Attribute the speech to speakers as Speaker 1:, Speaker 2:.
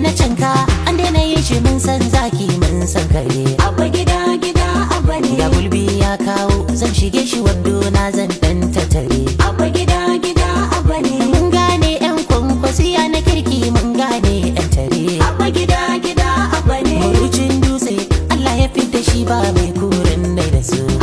Speaker 1: na canka an daina yin shi mun san zaki mun san kare abba gida gida abba ne ga gulbi ya kawo zan shige shi wando na zan dan tattare abba gida gida abba ne mun gane yan ya na kirki mun gane yan tare abba gida gida abba ne murucin dutse Allah ya da shi ba mai kurin mai da su